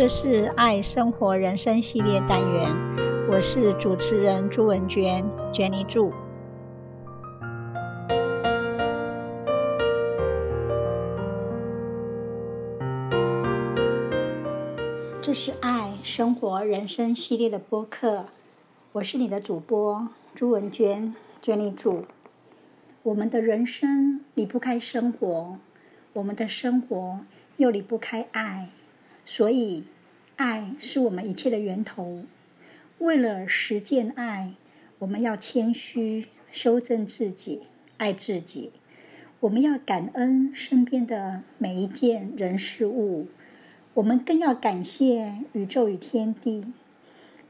這是愛生活人生系列單元，我是主持人朱文娟、Jenny Zhu。這是愛生活人生系列的播客，我是你的主播朱文娟、Jenny Zhu。我們的人生離不開生活，我們的生活又離不開愛。所以，愛是我們一切的源頭。為了實踐愛，我們要謙虛、修正自己、愛自己。我們要感恩身邊的每一件人事物，我們更要感謝宇宙與天地。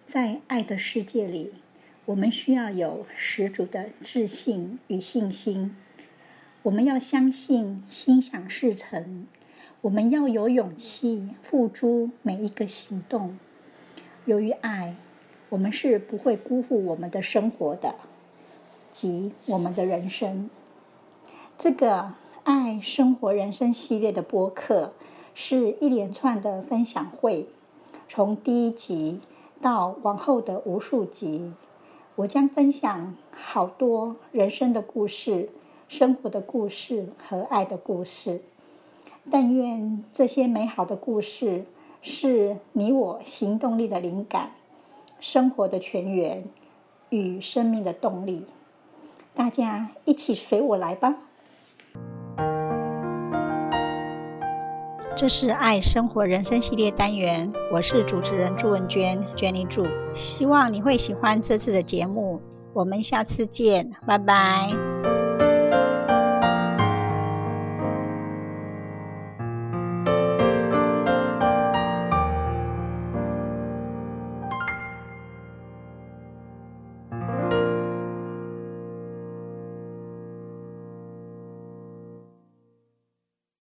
在愛的世界裡，我們需要有十足的自信與信心。我們要相信心想事成。我們要有勇氣付諸每一個行動。由於愛，我們是不會辜負我們的生活的，及我們的人生。這個“愛生活人生”系列的播客是一連串的分享會，從第一集到往後的無數集，我將分享好多人生的故事、生活的故事和愛的故事。但願這些美好的故事是你我行動力的靈感、生活的泉源與生命的動力。大家一起隨我來吧。這是愛生活人生系列單元，我是主持人朱文娟，Jenny 朱。希望你會喜歡這次的節目，我們下次見，拜拜。